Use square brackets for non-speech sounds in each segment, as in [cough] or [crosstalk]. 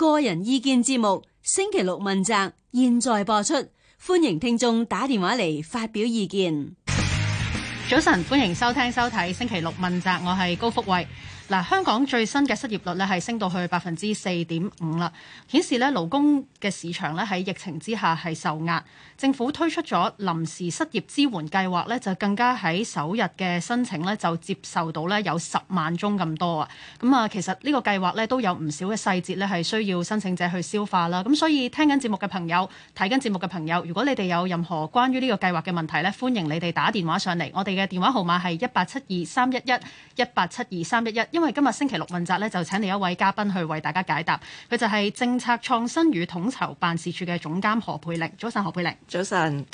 個人意見節目星期六問責，現在播出，歡迎聽眾打電話嚟發表意見。早晨，歡迎收聽收睇星期六問責，我係高福慧。嗱，香港最新嘅失業率咧係升到去百分之四點五啦，顯示咧勞工嘅市場咧喺疫情之下係受壓。政府推出咗臨時失業支援計劃咧，就更加喺首日嘅申請咧就接受到咧有十萬宗咁多啊。咁啊，其實呢個計劃咧都有唔少嘅細節咧係需要申請者去消化啦。咁所以聽緊節目嘅朋友、睇緊節目嘅朋友，如果你哋有任何關於呢個計劃嘅問題咧，歡迎你哋打電話上嚟。我哋嘅電話號碼係一八七二三一一一八七二三一一。因為今日星期六問責咧，就請嚟一位嘉賓去為大家解答。佢就係政策創新與統籌辦事處嘅總監何佩玲。早晨，何佩玲。早晨。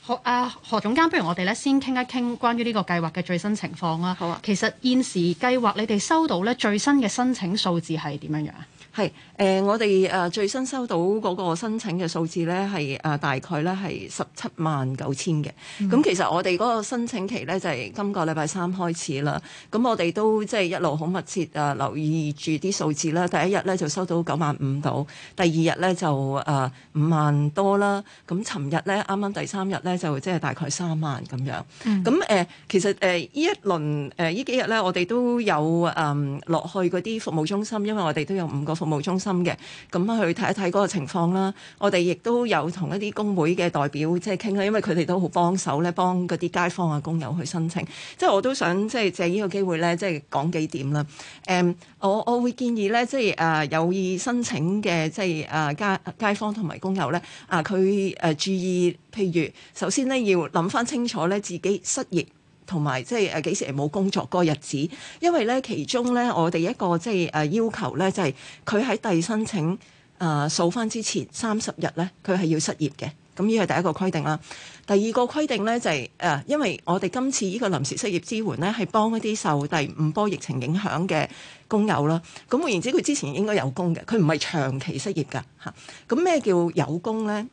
好啊，何啊何總監，不如我哋咧先傾一傾關於呢個計劃嘅最新情況啦。好啊。其實現時計劃你哋收到咧最新嘅申請數字係點樣樣？係誒、呃，我哋誒、啊、最新收到嗰個申請嘅數字咧，係誒、啊、大概咧係十七萬九千嘅。咁、嗯、其實我哋嗰個申請期咧就係、是、今個禮拜三開始啦。咁我哋都即係、就是、一路好密切啊留意住啲數字啦。第一日咧就收到九萬五到，第二日咧就誒五萬多啦。咁尋日咧啱啱第三日咧就即係大概三萬咁樣。咁誒、嗯呃、其實誒呢、呃、一輪誒呢幾日咧，我哋都有誒落、嗯、去嗰啲服務中心，因為我哋都有五個服服務中心嘅，咁去睇一睇嗰個情況啦。我哋亦都有同一啲工會嘅代表即係傾啦，因為佢哋都好幫手咧，幫嗰啲街坊啊、工友去申請。即係我都想即係借呢個機會咧，即係講幾點啦。誒、嗯，我我會建議咧，即係誒、啊、有意申請嘅，即係誒街街坊同埋工友咧，啊佢誒、啊、注意，譬如首先咧要諗翻清楚咧自己失業。同埋即係誒幾時冇工作嗰日子，因為咧其中咧我哋一個即係誒要求咧就係佢喺遞申請誒、呃、數翻之前三十日咧，佢係要失業嘅。咁呢係第一個規定啦。第二個規定咧就係、是、誒、啊，因為我哋今次呢個臨時失業支援咧係幫一啲受第五波疫情影響嘅工友啦。咁換言之，佢之前應該有工嘅，佢唔係長期失業噶嚇。咁咩叫有工咧？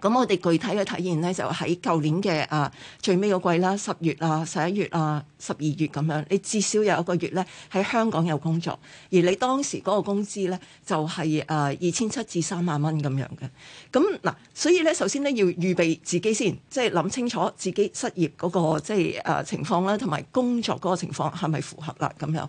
咁我哋具體嘅體驗咧，就喺舊年嘅，啊最尾個季啦，啊，十月啊、十一月啊、十二月咁樣，你至少有一個月咧喺香港有工作，而你當時嗰個工資咧就係誒二千七至三萬蚊咁樣嘅。咁嗱，所以咧首先咧要預備自己先，即係諗清楚自己失業嗰個即係誒情況啦，同埋工作嗰個情況係咪符合啦咁樣。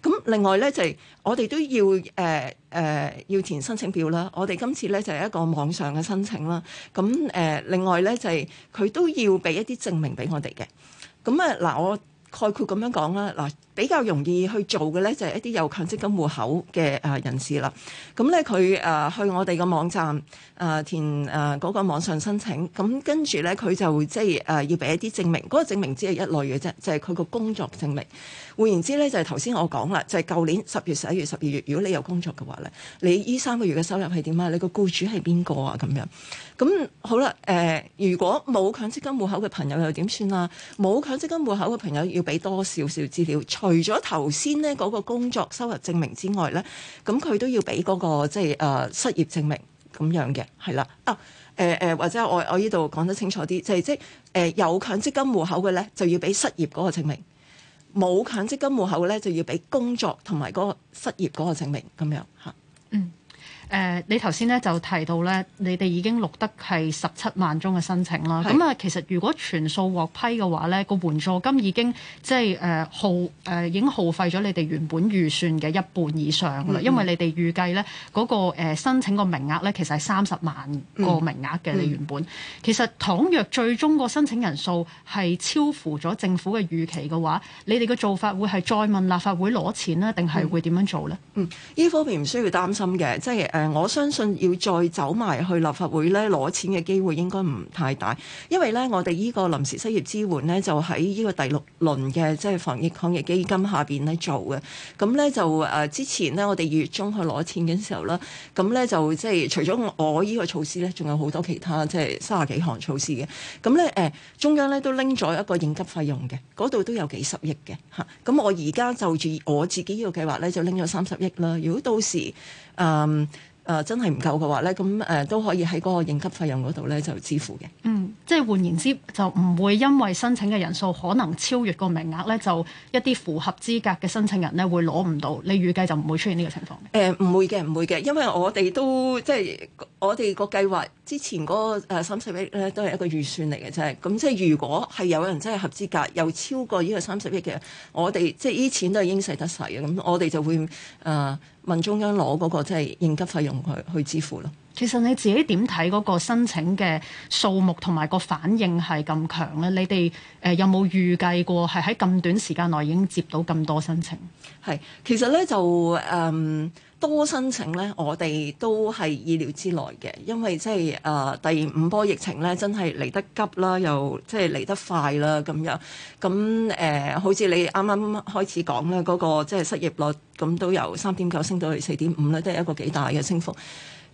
咁另外咧就係我哋都要誒誒要填申請表啦。我哋今次咧就係一個網上嘅申請啦。咁誒，另外咧就係佢都要俾一啲證明俾我哋嘅。咁啊嗱我。概括咁樣講啦，嗱比較容易去做嘅咧就係一啲有強積金戶口嘅啊人士啦，咁咧佢誒去我哋嘅網站誒填誒嗰個網上申請，咁跟住咧佢就即係誒要俾一啲證明，嗰個證明只係一類嘅啫，就係佢個工作證明。換言之咧，就係頭先我講啦，就係舊年十月、十一月、十二月，如果你有工作嘅話咧，你依三個月嘅收入係點啊？你個僱主係邊個啊？咁樣咁好啦。誒，如果冇強積金戶口嘅朋友又點算啊？冇強積金戶口嘅朋友要俾多少少資料？除咗頭先咧嗰個工作收入證明之外咧，咁佢都要俾嗰個即係誒失業證明咁樣嘅，係啦。啊，誒誒，或者我我呢度講得清楚啲，就係即係誒有強積金戶口嘅咧，就要俾失業嗰個證明。冇強積金戶口咧，就要俾工作同埋嗰個失業嗰個證明咁樣吓。嗯。誒、啊，你頭先咧就提到咧，你哋已經錄得係十七萬宗嘅申請啦。咁啊是，其實如果全數獲批嘅話咧，個援助金已經即係誒、啊、耗誒、啊、已經耗費咗你哋原本預算嘅一半以上啦。因為你哋預計咧嗰個、呃、申請個名額咧，其實係三十萬個名額嘅。嗯嗯、你原本其實倘若最終個申請人數係超乎咗政府嘅預期嘅話，你哋嘅做法會係再問立法會攞錢呢？定係會點樣做咧？嗯，呢方面唔需要擔心嘅，即係。即即即誒、呃，我相信要再走埋去立法會咧攞錢嘅機會應該唔太大，因為咧我哋呢個臨時失業支援咧就喺呢個第六輪嘅即係防疫抗疫基金下邊咧做嘅，咁、嗯、咧就誒、呃、之前咧我哋二月中去攞錢嘅時候咧，咁、嗯、咧就即係除咗我依個措施咧，仲有好多其他即係三十幾項措施嘅，咁咧誒、中央咧都拎咗一個應急費用嘅，嗰度都有幾十億嘅嚇，咁、啊嗯、我而家就住我自己呢個計劃咧就拎咗三十億啦，如果到時誒。嗯誒、呃、真係唔夠嘅話咧，咁誒、呃、都可以喺嗰個應急費用嗰度咧就支付嘅。嗯，即係換言之，就唔會因為申請嘅人數可能超越個名額咧，就一啲符合資格嘅申請人咧會攞唔到。你預計就唔會出現呢個情況？誒唔、呃、會嘅，唔會嘅，因為我哋都即係我哋個計劃。之前嗰個三十億咧，都係一個預算嚟嘅啫。咁即係如果係有人真係合資格，又超過呢個三十億嘅，我哋即係呢錢都係應使得使嘅。咁我哋就會誒、呃、問中央攞嗰、嗰個即係應急費用去去支付咯。其實你自己點睇嗰個申請嘅數目同埋個反應係咁強咧？你哋誒、呃、有冇預計過係喺咁短時間內已經接到咁多申請？係其實咧就誒。嗯多申請咧，我哋都係意料之內嘅，因為即係誒第五波疫情咧，真係嚟得急啦，又即係嚟得快啦咁樣。咁誒、呃，好似你啱啱開始講咧，嗰、那個即係失業率咁，都由三點九升到去四點五咧，都係一個幾大嘅升幅。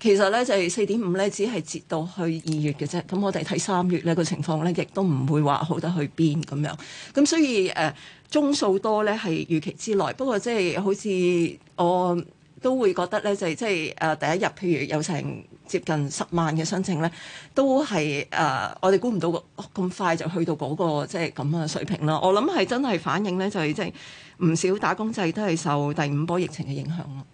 其實咧就係四點五咧，只係截到去二月嘅啫。咁我哋睇三月咧、那個情況咧，亦都唔會話好得去邊咁樣。咁所以誒，宗、呃、數多咧係預期之內。不過即、就、係、是、好似我。都會覺得咧，就係即係誒第一日，譬如有成接近十萬嘅申請咧，都係誒、呃、我哋估唔到咁、哦、快就去到嗰、個即係咁嘅水平啦。我諗係真係反映咧，就係即係唔少打工仔都係受第五波疫情嘅影響咯。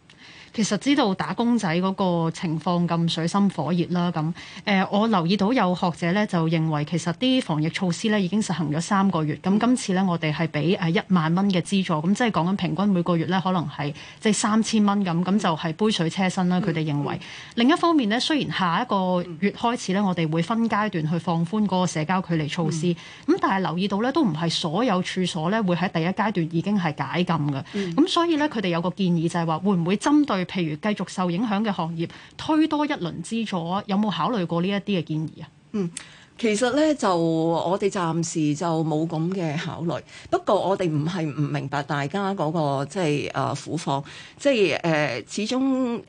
其實知道打工仔嗰個情況咁水深火熱啦，咁誒、呃，我留意到有學者咧就認為，其實啲防疫措施咧已經實行咗三個月，咁今次咧我哋係俾誒一萬蚊嘅資助，咁即係講緊平均每個月咧可能係即係三千蚊咁，咁就係杯水車薪啦。佢哋、嗯、認為另一方面咧，雖然下一個月開始咧，我哋會分階段去放寬嗰個社交距離措施，咁、嗯、但係留意到咧都唔係所有處所咧會喺第一階段已經係解禁嘅，咁、嗯、所以咧佢哋有個建議就係話會唔會針對，譬如繼續受影響嘅行業，推多一輪資助啊，有冇考慮過呢一啲嘅建議啊？嗯。其實咧就我哋暫時就冇咁嘅考慮，不過我哋唔係唔明白大家嗰個即係誒苦況，即係誒始終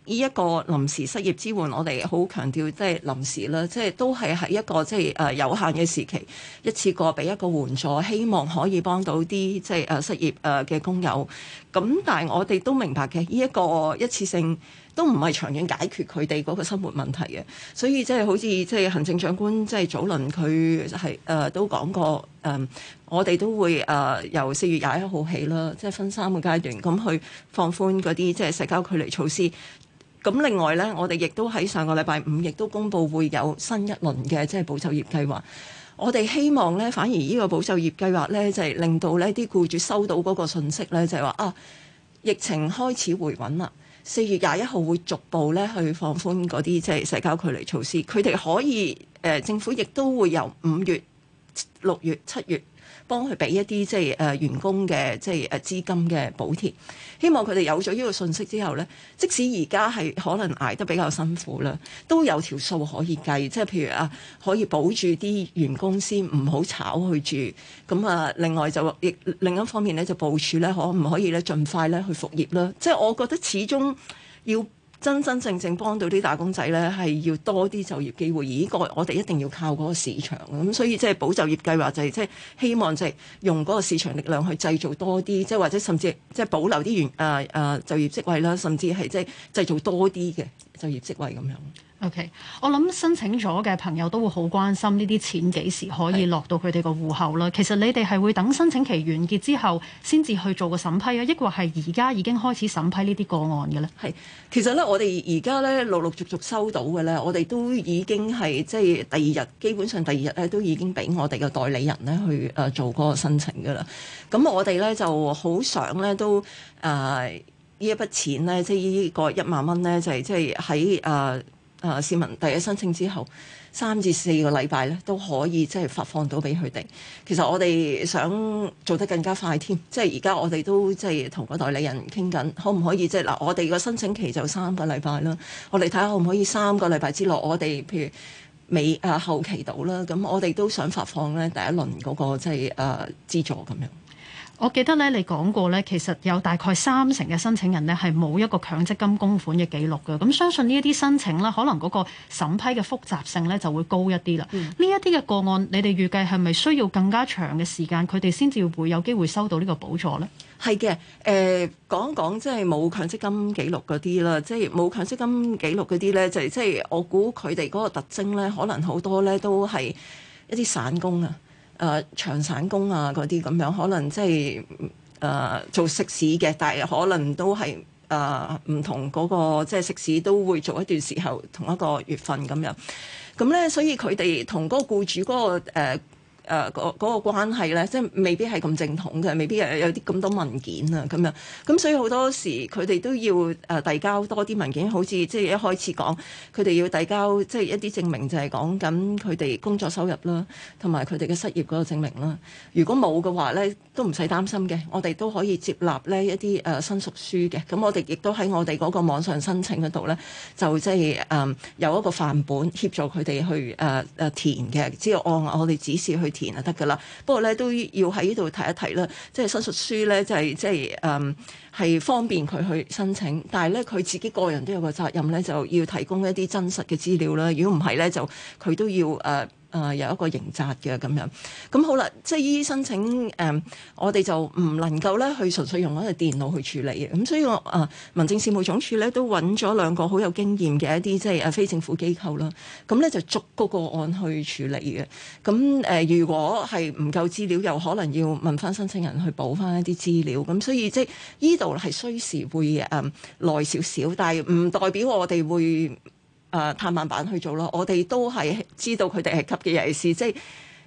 呢一個臨時失業支援，我哋好強調即係臨時啦，即係都係喺一個即係誒有限嘅時期，一次過俾一個援助，希望可以幫到啲即係誒失業誒嘅工友。咁但係我哋都明白嘅，呢一個一次性。都唔係長遠解決佢哋嗰個生活問題嘅，所以即係好似即係行政長官即係早聯早輪佢係誒都講過誒，我哋都會誒由四月廿一號起啦，即係分三個階段咁去放寬嗰啲即係社交距離措施。咁另外呢，我哋亦都喺上個禮拜五亦都公布會有新一輪嘅即係保就業計劃。我哋希望呢，反而呢個保就業計劃呢，就係令到呢啲僱主收到嗰個信息呢，就係話啊，疫情開始回穩啦。四月廿一號會逐步咧去放寬嗰啲即係社交距離措施，佢哋可以誒、呃、政府亦都會由五月、六月、七月。幫佢俾一啲即係誒、呃、員工嘅即係誒、呃、資金嘅補貼，希望佢哋有咗呢個信息之後咧，即使而家係可能捱得比較辛苦啦，都有條數可以計，即係譬如啊，可以保住啲員工先唔好炒去住，咁啊另外就另一方面咧就部署咧可唔可以咧盡快咧去復業啦，即係我覺得始終要。真真正正幫到啲打工仔呢，係要多啲就業機會。而呢個我哋一定要靠嗰個市場。咁所以即係保就業計劃就係即係希望就係用嗰個市場力量去製造多啲，即係或者甚至即係保留啲原啊啊就業職位啦，甚至係即係製造多啲嘅就業職位咁樣。OK，我諗申請咗嘅朋友都會好關心呢啲錢幾時可以落到佢哋個戶口啦。是其實你哋係會等申請期完結之後先至去做個審批啊，抑或係而家已經開始審批呢啲個案嘅咧？係，其實咧，我哋而家咧陸陸續續收到嘅咧，我哋都已經係即係第二日，基本上第二日咧都已經俾我哋嘅代理人咧去誒、呃、做嗰個申請噶啦。咁我哋咧就好想咧都誒呢、呃、一筆錢咧，即係呢個一萬蚊咧，就係即係喺誒。呃誒、呃、市民第一申請之後，三至四個禮拜咧都可以即係發放到俾佢哋。其實我哋想做得更加快啲，即係而家我哋都即係同個代理人傾緊，可唔可以即係嗱，我哋個申請期就三個禮拜啦。我哋睇下可唔可以三個禮拜之內，我哋譬如尾誒、呃、後期到啦，咁我哋都想發放咧第一輪嗰、嗰個即係誒、呃、資助咁樣。我記得咧，你講過咧，其實有大概三成嘅申請人咧，係冇一個強積金供款嘅記錄嘅。咁相信呢一啲申請咧，可能嗰個審批嘅複雜性咧就會高一啲啦。呢一啲嘅個案，你哋預計係咪需要更加長嘅時間，佢哋先至會有機會收到呢個補助咧？係嘅，誒、呃、講一講即係冇強積金記錄嗰啲啦，即係冇強積金記錄嗰啲咧，就係即係我估佢哋嗰個特徵咧，可能好多咧都係一啲散工啊。誒、呃、長散工啊，嗰啲咁樣，可能即係誒做食肆嘅，但係可能都係誒唔同嗰、嗰個即係、即係、食肆都會做一段時候同一個月份咁樣，咁咧，所以佢哋同嗰個僱主嗰、嗰個、呃誒嗰嗰個關係咧，即係未必係咁正統嘅，未必有有啲咁多文件啊咁樣。咁所以好多時佢哋都要誒遞、呃、交多啲文件，好似即係一開始講，佢哋要遞交即係一啲證明就，就係講緊佢哋工作收入啦，同埋佢哋嘅失業嗰個證明啦。如果冇嘅話咧，都唔使擔心嘅，我哋都可以接納呢一啲誒、呃、申述書嘅。咁我哋亦都喺我哋嗰個網上申請嗰度咧，就即係誒有一個範本協助佢哋去誒誒、呃呃、填嘅，只要按我哋指示去，便就得噶啦，不過咧都要喺呢度提一提啦，即係申述書咧，就係即係誒，係方便佢去申請，但係咧佢自己個人都有個責任咧，就要提供一啲真實嘅資料啦。如果唔係咧，就佢都要誒。誒、呃、有一個刑責嘅咁樣，咁、嗯、好啦，即係依申請誒、嗯，我哋就唔能夠咧去純粹用嗰個電腦去處理嘅，咁所以我啊、呃、民政事務總署咧都揾咗兩個好有經驗嘅一啲即係啊非政府機構啦，咁、嗯、咧就逐個個案去處理嘅，咁、嗯、誒、呃、如果係唔夠資料，又可能要問翻申請人去補翻一啲資料，咁、嗯、所以即係依度係需時會誒、呃、耐少少，但係唔代表我哋會。誒探板板去做咯，我哋都係知道佢哋係急嘅人士。即係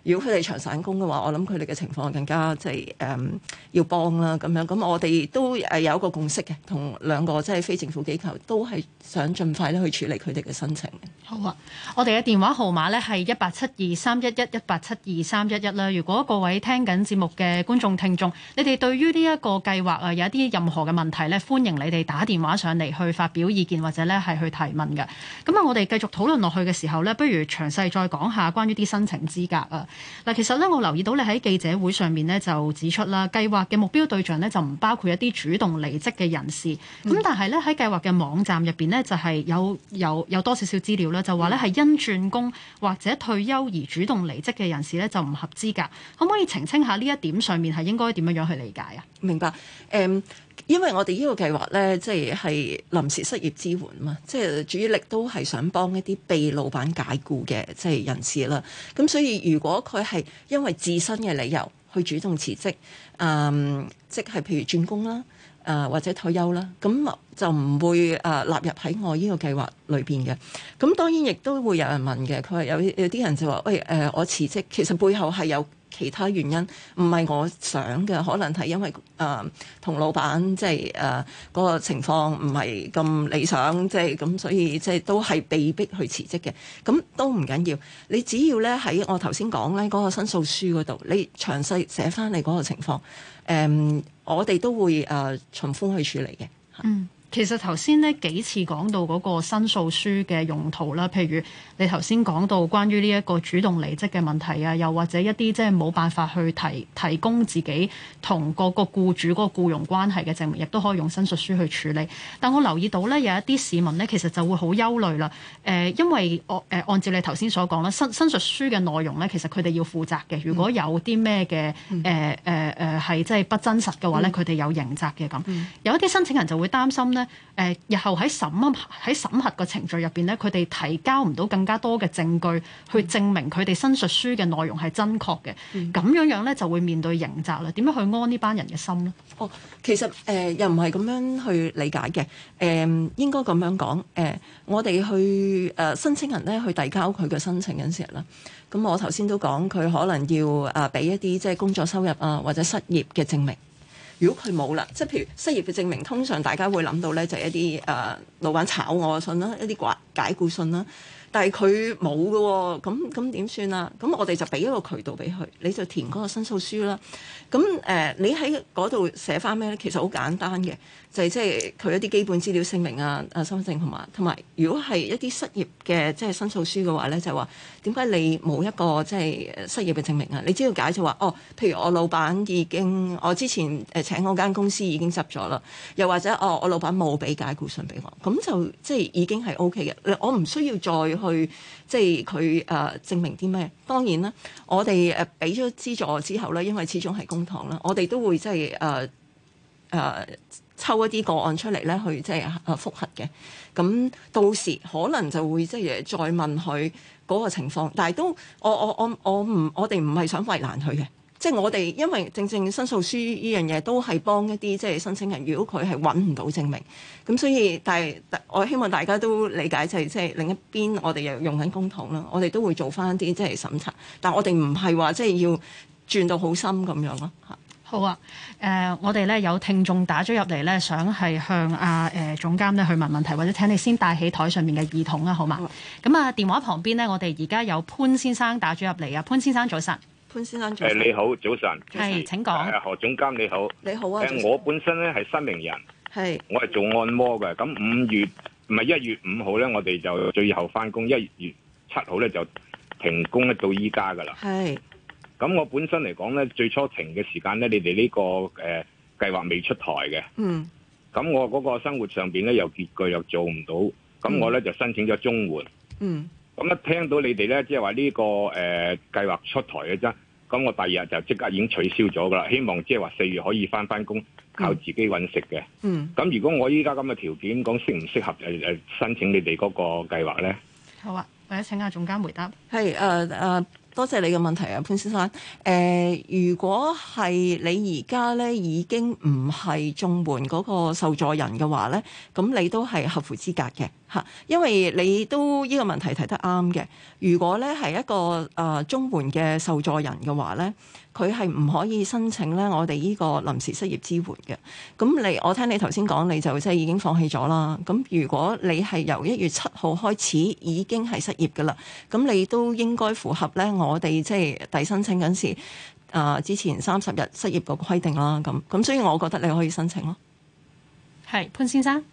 如果佢哋長散工嘅話，我諗佢哋嘅情況更加即係誒、嗯、要幫啦咁樣。咁我哋都誒有一個共識嘅，同兩個即係非政府機構都係想盡快咧去處理佢哋嘅申請嘅。好啊！我哋嘅電話號碼咧係一八七二三一一一八七二三一一啦。如果各位聽緊節目嘅觀眾聽眾，你哋對於呢一個計劃啊，有一啲任何嘅問題咧，歡迎你哋打電話上嚟去發表意見或者咧係去提問嘅。咁啊，我哋繼續討論落去嘅時候咧，不如詳細再講下關於啲申請資格啊。嗱，其實咧我留意到你喺記者會上面咧就指出啦，計劃嘅目標對象咧就唔包括一啲主動離職嘅人士。咁但係咧喺計劃嘅網站入邊咧就係有有有有多少少資料咧。就話咧係因轉工或者退休而主動離職嘅人士咧就唔合資格，可唔可以澄清下呢一點上面係應該點樣樣去理解啊？明白，誒，因為我哋呢個計劃咧即係臨時失業支援嘛，即係主意力都係想幫一啲被老闆解僱嘅即係人士啦。咁所以如果佢係因為自身嘅理由去主動辭職，嗯，即係譬如轉工啦。誒或者退休啦，咁就唔會誒納入喺我呢個計劃裏邊嘅。咁當然亦都會有人問嘅，佢話有有啲人就話喂，誒、呃、我辭職，其實背後係有其他原因唔係我想嘅，可能係因為誒、呃、同老闆即係誒、呃，那個情況唔係咁理想，即係咁所以即係都係被逼去辭職嘅。咁都唔緊要，你只要咧喺我頭先講咧嗰個申訴書嗰度，你詳細寫翻你嗰個情況，誒、呃，我哋都會誒、呃、從寬去處理嘅。嗯。其實頭先呢幾次講到嗰個申訴書嘅用途啦，譬如你頭先講到關於呢一個主動離職嘅問題啊，又或者一啲即係冇辦法去提提供自己同個個僱主嗰個僱傭關係嘅證明，亦都可以用申訴書去處理。但我留意到呢，有一啲市民呢，其實就會好憂慮啦。誒、呃，因為我誒、呃、按照你頭先所講啦，申申訴書嘅內容呢，其實佢哋要負責嘅。如果有啲咩嘅誒誒誒係即係不真實嘅話呢，佢哋、嗯、有刑責嘅咁。嗯、有一啲申請人就會擔心呢。誒，日後喺審喺審核嘅程序入邊咧，佢哋提交唔到更加多嘅證據，去證明佢哋申述書嘅內容係真確嘅，咁樣樣咧就會面對刑責啦。點樣去安呢班人嘅心咧？哦，其實誒、呃，又唔係咁樣去理解嘅。誒、呃，應該咁樣講。誒、呃，我哋去誒、呃、申請人咧去遞交佢嘅申請嗰陣時啦。咁我頭先都講，佢可能要誒俾一啲即係工作收入啊或者失業嘅證明。如果佢冇啦，即係譬如失業嘅證明，通常大家會諗到咧，就係一啲誒老闆炒我嘅信啦，一啲解解雇信啦。但係佢冇嘅，咁咁點算啊？咁我哋就俾一個渠道俾佢，你就填嗰個申訴書啦。咁誒、呃，你喺嗰度寫翻咩咧？其實好簡單嘅，就係、是、即係佢一啲基本資料、姓名啊、啊身份證同埋，同埋如果係一啲失業嘅即係申訴書嘅話咧，就係話點解你冇一個即係失業嘅證明啊？你知要解就話哦，譬如我老闆已經，我之前誒、呃、請我間公司已經執咗啦，又或者哦，我老闆冇俾解雇信俾我，咁就即係已經係 O K 嘅。我唔需要再。去即係佢誒證明啲咩？當然啦，我哋誒俾咗資助之後咧，因為始終係公帑啦，我哋都會即係誒誒抽一啲個案出嚟咧去即係復核嘅。咁、啊啊、到時可能就會即係再問佢嗰個情況，但係都我我我我唔，我哋唔係想為難佢嘅。即係我哋，因為正正申訴書呢樣嘢都係幫一啲即係申請人，如果佢係揾唔到證明，咁所以但係我希望大家都理解，就係即係另一邊，我哋又用緊公帑啦，我哋都會做返啲即係審查，但係我哋唔係話即係要轉到好深咁樣咯。好啊，誒、呃，我哋咧有聽眾打咗入嚟咧，想係向阿、啊、誒、呃、總監咧去問問題，或者請你先帶起台上面嘅耳筒啦，好嘛？咁啊，電話旁邊呢，我哋而家有潘先生打咗入嚟啊，潘先生早晨。潘先生，誒、啊、你好，早晨，係請講，誒、啊、何總監，你好，你好啊,啊，我本身咧係新明人，係是，我係做按摩嘅，咁五月唔係一月五號咧，我哋就最後返工，一月七號咧就停工咧，到依家㗎喇，係，咁我本身嚟講咧，最初停嘅時間咧，你哋呢、這個誒、呃、計劃未出台嘅，嗯，咁我嗰個生活上邊咧又拮據又做唔到，咁我咧就申請咗綜援。嗯。嗯咁一聽到你哋咧，即係話呢個誒、呃、計劃出台嘅啫，咁我第二日就即刻已經取消咗㗎喇。希望即係話四月可以返返工，靠自己搵食嘅、嗯。嗯，咁如果我依家咁嘅條件，講適唔適合誒誒申請你哋嗰個計劃咧？好啊，或者請下總監回答。係，啊啊。多謝你嘅問題啊，潘先生。誒、呃，如果係你而家咧已經唔係綜援嗰個受助人嘅話咧，咁你都係合乎資格嘅嚇，因為你都依個問題提得啱嘅。如果咧係一個誒綜援嘅受助人嘅話咧，佢係唔可以申請咧我哋呢個臨時失業支援嘅。咁你我聽你頭先講，你就即係已經放棄咗啦。咁如果你係由一月七號開始已經係失業㗎啦，咁你都應該符合咧。我哋即係遞申請嗰時，之前三十日失業個規定啦，咁咁，所以我覺得你可以申請咯。係潘先生，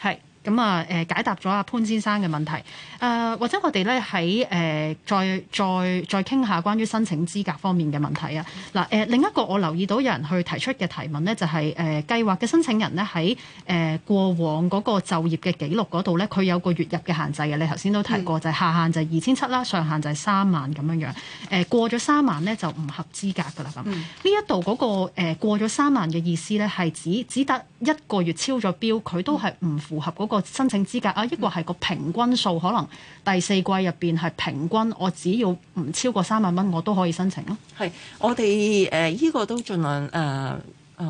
係。咁啊誒解答咗阿潘先生嘅問題，誒、呃、或者我哋咧喺誒再再再傾下關於申請資格方面嘅問題啊嗱誒、呃、另一個我留意到有人去提出嘅提問咧就係、是、誒、呃、計劃，嘅申請人咧喺誒過往嗰個就業嘅記錄嗰度咧佢有個月入嘅限制嘅，你頭先都提過，嗯、就係下限就係二千七啦，上限就係三萬，咁樣樣誒、呃、過咗三萬咧就唔合資格㗎啦，咁呢一度嗰個、呃、過咗三萬嘅意思咧係指只得一個月超咗標，佢都係唔符合嗰。一個申請資格啊，抑或係個平均數？可能第四季入邊係平均，我只要唔超過三萬蚊，我都可以申請咯。係，我哋誒呢個都盡量誒誒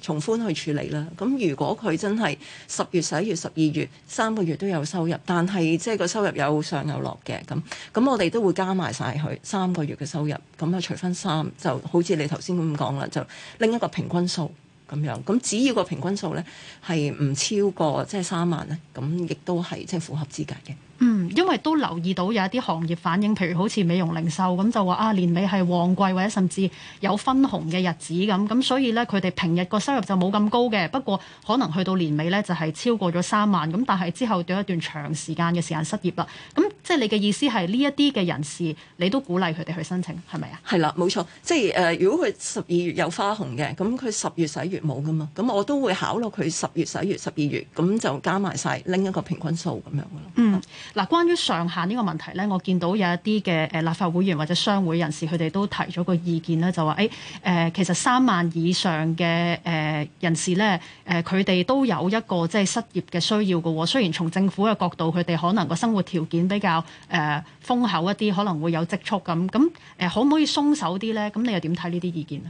從寬去處理啦。咁如果佢真係十月、十一月、十二月三個月都有收入，但係即係個收入有上有落嘅，咁咁我哋都會加埋晒佢三個月嘅收入，咁啊除分三，就好似你頭先咁講啦，就拎一個平均數。咁樣，咁只要個平均數咧係唔超過，即係三萬咧，咁亦都係即係符合資格嘅。嗯，因為都留意到有一啲行業反應，譬如好似美容零售咁就話啊，年尾係旺季或者甚至有分紅嘅日子咁，咁所以咧佢哋平日個收入就冇咁高嘅，不過可能去到年尾咧就係超過咗三萬咁，但係之後有一段長時間嘅時間失業啦。咁即係你嘅意思係呢一啲嘅人士，你都鼓勵佢哋去申請係咪啊？係啦，冇錯，即係誒、呃，如果佢十二月有花紅嘅，咁佢十月、十一月冇噶嘛，咁我都會考慮佢十月、十一月、十二月咁就加埋晒，拎一個平均數咁樣噶咯。嗯。嗱，關於上限呢個問題呢，我見到有一啲嘅誒立法會議員或者商會人士，佢哋都提咗個意見咧，就話誒誒，其實三萬以上嘅誒人士呢，誒佢哋都有一個即係失業嘅需要嘅喎。雖然從政府嘅角度，佢哋可能個生活條件比較誒、呃、豐厚一啲，可能會有積蓄咁咁誒，可唔可以鬆手啲呢？咁你又點睇呢啲意見啊？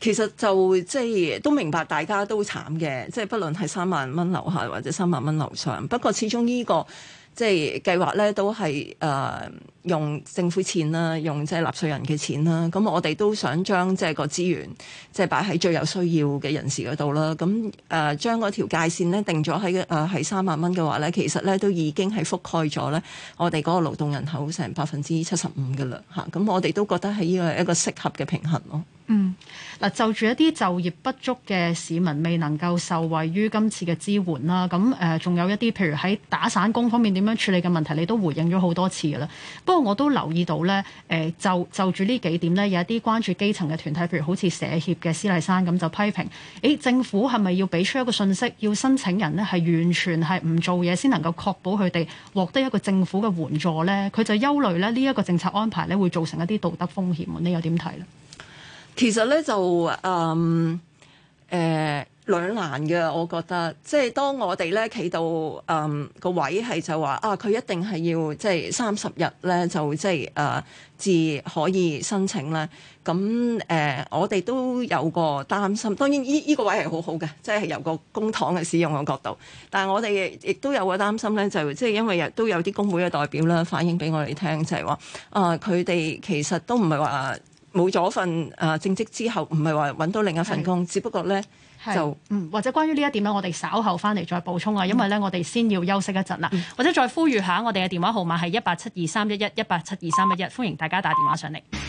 其實就即係、就是、都明白大家都慘嘅，即、就、係、是、不論係三萬蚊樓下或者三萬蚊樓上，不過始終呢、這個。即係計劃咧，都係誒、呃、用政府錢啦，用即係納稅人嘅錢啦。咁我哋都想將即係個資源，即係擺喺最有需要嘅人士嗰度啦。咁誒、呃、將嗰條界線咧定咗喺誒係三萬蚊嘅話咧，其實咧都已經係覆蓋咗咧我哋嗰個勞動人口成百分之七十五嘅啦嚇。咁我哋都覺得係呢個一個適合嘅平衡咯。嗯，嗱，就住一啲就業不足嘅市民未能夠受惠於今次嘅支援啦。咁誒，仲、呃、有一啲，譬如喺打散工方面點樣處理嘅問題，你都回應咗好多次噶啦。不過，我都留意到咧，誒、呃，就就住呢幾點咧，有一啲關注基層嘅團體，譬如好似社協嘅施麗珊咁，就批評誒政府係咪要俾出一個信息，要申請人呢係完全係唔做嘢先能夠確保佢哋獲得一個政府嘅援助咧？佢就憂慮咧呢一個政策安排咧會造成一啲道德風險。你又點睇咧？其實咧就誒誒兩難嘅，我覺得，即係當我哋咧企到誒、嗯、個位，係就話啊，佢一定係要即係三十日咧，就即係誒、呃、至可以申請咧。咁、嗯、誒、呃，我哋都有個擔心。當然，依、這、依個位係好好嘅，即係由個公帑嘅使用嘅角度。但係我哋亦都有個擔心咧，就即係因為有都有啲公會嘅代表咧反映俾我哋聽，就係話啊，佢、呃、哋其實都唔係話。冇咗份誒、呃、正職之後，唔係話揾到另一份工。是只不過呢，是就嗯，或者關於呢一點呢，我哋稍後翻嚟再補充啊，因為呢，我哋先要休息一陣啦，嗯、或者再呼籲下我哋嘅電話號碼係一八七二三一一一八七二三一一，歡迎大家打電話上嚟。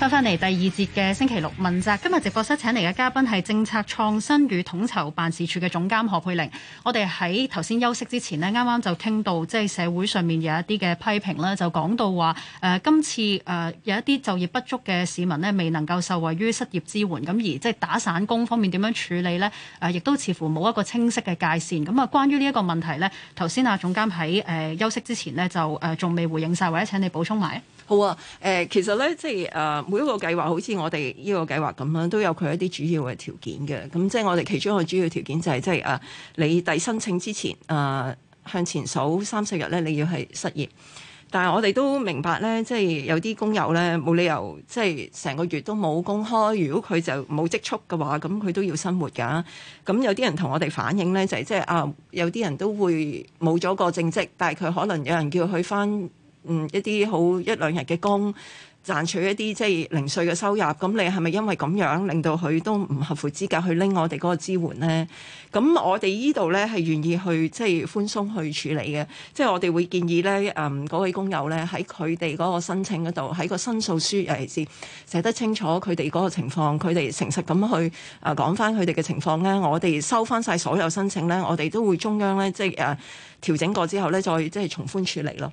翻返嚟第二節嘅星期六問責，今日直播室請嚟嘅嘉賓係政策創新與統籌辦事處嘅總監何珮玲。我哋喺頭先休息之前呢，啱啱就聽到即係社會上面有一啲嘅批評啦，就講到話誒今次誒有一啲就業不足嘅市民呢，未能夠受惠於失業支援，咁而即係打散工方面點樣處理呢？誒，亦都似乎冇一個清晰嘅界線。咁啊，關於呢一個問題呢，頭先啊總監喺誒休息之前呢，就誒仲未回應晒，或者請你補充埋。好啊，誒、呃，其實咧，即係誒、呃，每一個計劃好似我哋呢個計劃咁樣，都有佢一啲主要嘅條件嘅。咁、嗯、即係我哋其中一個主要條件就係、是，即係啊，你遞申請之前，誒、呃、向前數三四日咧，你要係失業。但係我哋都明白咧，即係有啲工友咧，冇理由即係成個月都冇工開。如果佢就冇積蓄嘅話，咁佢都要生活㗎。咁、嗯嗯、有啲人同我哋反映咧，就係即係啊，有啲人都會冇咗個正職，但係佢可能有人叫佢返。嗯，一啲好一兩日嘅工賺取一啲即係零碎嘅收入，咁你係咪因為咁樣令到佢都唔合乎資格去拎我哋嗰個支援呢？咁我哋呢度呢，係願意去即係、就是、寬鬆去處理嘅，即、就、係、是、我哋會建議呢嗯，嗰位工友呢，喺佢哋嗰個申請嗰度喺個申訴書，尤其是寫得清楚佢哋嗰個情況，佢哋誠實咁去啊講翻佢哋嘅情況呢。我哋收翻晒所有申請呢，我哋都會中央呢，即係誒調整過之後呢，再即係從寬處理咯。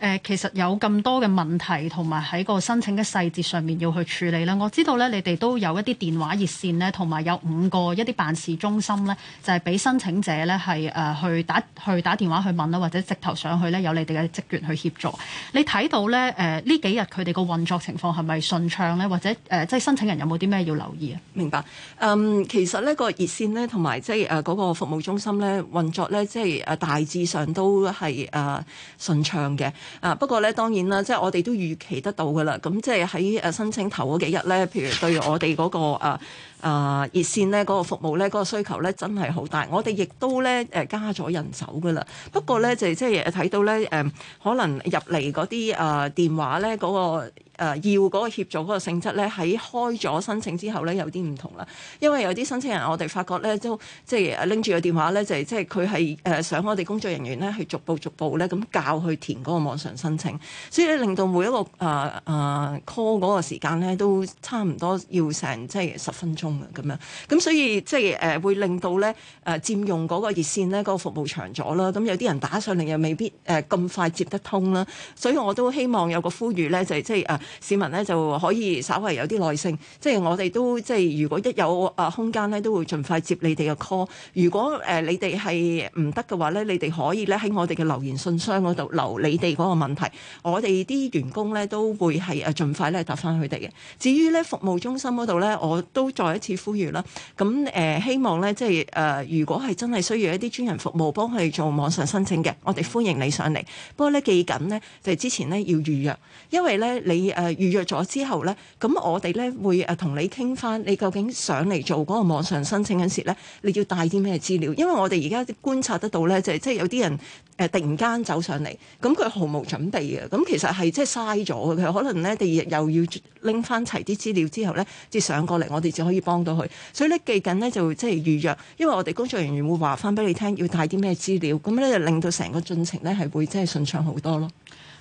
誒，其實有咁多嘅問題，同埋喺個申請嘅細節上面要去處理啦。我知道咧，你哋都有一啲電話熱線咧，同埋有五個一啲辦事中心咧，就係、係、俾申請者咧係誒去打去打電話去問啦，或者直頭上去咧有你哋嘅職員去協助。你睇到咧誒呢、呃、幾日佢哋個運作情況係咪順暢咧，或者誒、呃、即係申請人有冇啲咩要留意啊？明白。嗯，其實呢、個熱線咧同埋即係誒嗰個服務中心咧運作咧，即係誒大致上都係誒、呃、順暢嘅。啊！不過咧，當然啦，即係我哋都預期得到㗎啦。咁即係喺誒申請頭嗰幾日咧，譬如對我哋嗰、嗰個啊。啊！熱線咧，嗰個服務咧，嗰個需求咧，真係好大。我哋亦都咧誒加咗人手噶啦。不過咧，就即係睇到咧誒可能入嚟嗰啲誒電話咧，嗰個誒要嗰個協助嗰個性質咧，喺開咗申請之後咧，有啲唔同啦。因為有啲申請人，我哋發覺咧都即係拎住個電話咧，就係即係佢係誒想我哋工作人員咧去逐步逐步咧咁教去填嗰個網上申請，所以咧令到每一個誒誒 call 嗰個時間咧都差唔多要成即係十分鐘。咁樣，咁、嗯、所以即係誒會令到咧誒、呃、佔用嗰個熱線咧，嗰個服務長咗啦。咁、嗯、有啲人打上嚟又未必誒咁、呃、快接得通啦。所以我都希望有個呼籲咧，就係即係誒市民咧就可以稍微有啲耐性。即、就、係、是、我哋都即係、就是、如果一有啊空間咧，都會盡快接你哋嘅 call。如果誒你哋係唔得嘅話咧，你哋可以咧喺我哋嘅留言信箱嗰度留你哋嗰個問題。我哋啲員工咧都會係誒盡快咧答翻佢哋嘅。至於咧服務中心嗰度咧，我都在。一次呼籲啦，咁誒、呃、希望咧，即係誒、呃，如果係真係需要一啲專人服務幫佢做網上申請嘅，我哋歡迎你上嚟。不過咧記緊咧，就係、是、之前咧要預約，因為咧你誒預、呃、約咗之後咧，咁我哋咧會誒同你傾翻，你究竟上嚟做嗰個網上申請嗰時咧，你要帶啲咩資料？因為我哋而家觀察得到咧，就係即係有啲人誒突然間走上嚟，咁佢毫無準備嘅，咁其實係即係嘥咗嘅。佢可能咧第二又要拎翻齊啲資料之後咧，至上過嚟，我哋就可以，幫到佢，所以咧記緊咧就即係預約，因為我哋工作人員會話返俾你聽要帶啲咩資料，咁咧就令到成個進程咧係會即係順暢好多咯。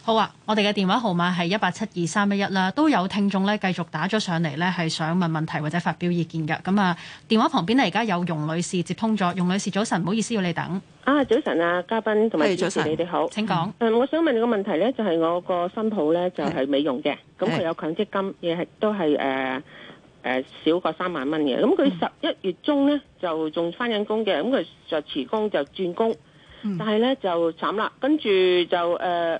好啊，我哋嘅電話號碼係一八七二三一一啦，都有聽眾咧繼續打咗上嚟咧，係想問問題或者發表意見㗎。咁啊，電話旁邊咧而家有容女士接通咗，容女士早晨，唔好意思要你等啊。早晨啊，嘉賓同埋早晨，你哋好，請講說。誒、嗯，我想問你個問題咧，就係、是、我個新抱咧就係、是、美容嘅，咁佢有強積金，亦係都係誒。嗯嗯誒，少過三萬蚊嘅，咁佢十一月中咧就仲返緊工嘅，咁佢就辭工就轉工，轉工嗯、但係咧就慘啦，跟住就誒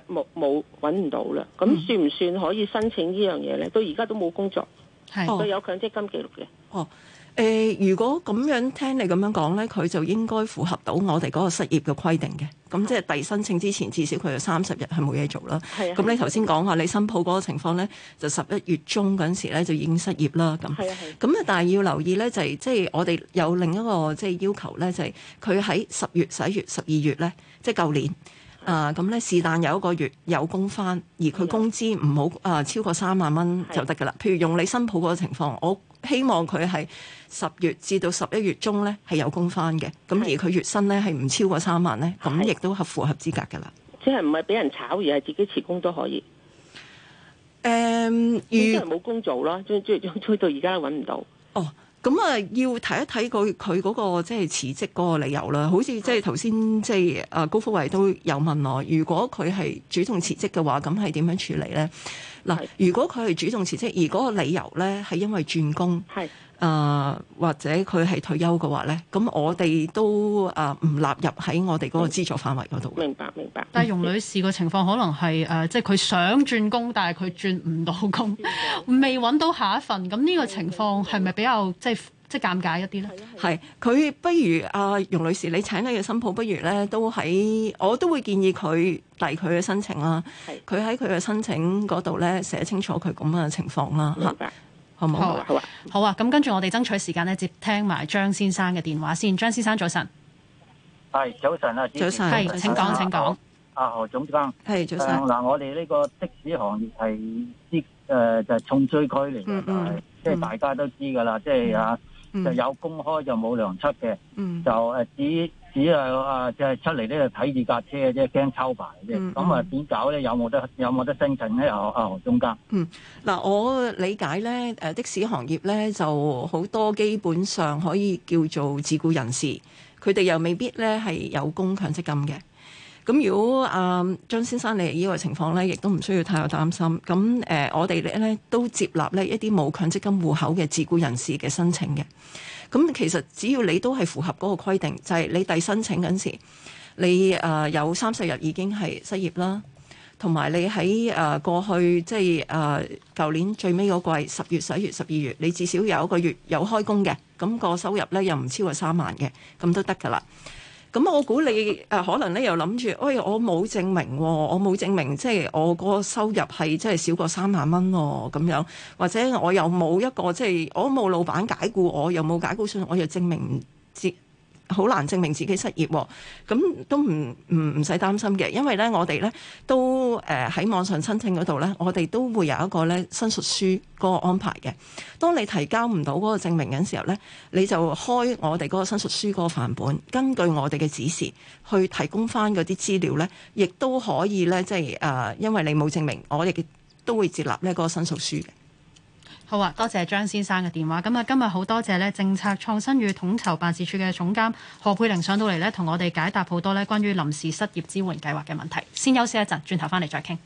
冇冇揾唔到啦，咁算唔算可以申請呢樣嘢咧？到而家都冇工作，係，佢有強積金記錄嘅。哦哦誒、呃，如果咁樣聽你咁樣講咧，佢就應該符合到我哋嗰個失業嘅規定嘅。咁即係遞申請之前，至少佢有三十日係冇嘢做啦。係咁的你頭先講下你新抱嗰個情況咧，就十一月中嗰陣時咧就已經失業啦。咁係咁啊，但係要留意咧，就係即係我哋有另一個即係、就是、要求咧，就係佢喺十月、十一月、十二月咧，即係舊年啊，咁咧是但的、呃、有一個月有工返，而佢工資唔好啊超過三萬蚊就得㗎啦。的的譬如用你新抱嗰個情況，我。希望佢係十月至到十一月中咧，係有工返嘅。咁而佢月薪咧係唔超過三萬咧，咁亦是都合符合資格噶啦。即係唔係俾人炒而係自己辭工都可以。誒、um, 如，即係冇工做咯，即係即係即係到而家都揾唔到哦。咁啊、嗯，要睇一睇佢佢個即係辭職嗰個理由啦。好似即係頭先，即係啊高福偉都有問我，如果佢係主動辭職嘅話，咁係點樣處理咧？嗱是，如果佢係主動辭職，而嗰個理由咧，係因為轉工。誒、呃、或者佢係退休嘅話咧，咁我哋都誒唔納入喺我哋嗰個資助範圍嗰度。明白明白。嗯、但係容女士個情況可能係誒、呃，即係佢想轉工，但係佢轉唔到工， [laughs] 未揾到下一份。咁呢個情況係咪比較即係即係尷尬一啲咧？係佢不如阿、呃、容女士，你請佢嘅新抱不如咧都喺，我都會建議佢遞佢嘅申請啦。佢喺佢嘅申請嗰度咧寫清楚佢咁樣嘅情況啦。明好唔好，好，好，好啊？好啊，咁跟住我哋爭取時間咧，接聽埋張先生嘅電話先。張先生早晨。係早晨啊，早晨。係請講請講。阿何總監，係早晨。嗱、啊，我哋呢個的士行業係啲誒就是、重罪概念啊，即、就、係、是、大家都知噶啦，即、就、係、是、啊，嗯、就有公開就冇良策嘅，嗯、就誒、啊、啲。指只係啊，即係出嚟呢度睇住架車嘅啫，驚抽牌啫。咁啊，點搞咧？有冇得有冇得申請呢？阿阿何中嘉、嗯，嗯，嗱、啊，我理解咧，誒的士行業咧就好多，基本上可以叫做自雇人士，佢哋又未必咧係有供強積金嘅。咁如果啊、呃、張先生你呢個情況咧，亦都唔需要太過擔心。咁誒、呃，我哋咧都接納呢一啲冇強積金戶口嘅自雇人士嘅申請嘅。咁其實只要你都係符合嗰個規定，就係你第申請嗰陣時，你誒有三四日已經係失業啦，同埋你喺誒過去即係誒舊年最尾嗰季十月、十一月、十二月，你至少有一個月有開工嘅，咁個收入咧又唔超過三萬嘅，咁都得㗎啦。咁我估你誒、呃、可能咧又諗住，喂，我冇證明喎、哦，我冇證明，即係我個收入係即係少過三萬蚊喎、哦，咁樣或者我又冇一個即係我冇老闆解雇我又冇解雇信，我又證明唔知。好難證明自己失業，咁都唔唔使擔心嘅，因為咧我哋咧都誒喺、呃、網上申請嗰度咧，我哋都會有一個咧申述書嗰個安排嘅。當你提交唔到嗰個證明嘅時候咧，你就開我哋嗰個申述書嗰個範本，根據我哋嘅指示去提供翻嗰啲資料咧，亦都可以咧即係誒、呃，因為你冇證明，我哋都會接納呢嗰個申述書嘅。好啊，多謝張先生嘅電話。咁啊，今日好多謝咧政策創新與統籌辦事處嘅總監何珮玲上到嚟咧，同我哋解答好多咧關於臨時失業支援計劃嘅問題。先休息一陣，轉頭返嚟再傾。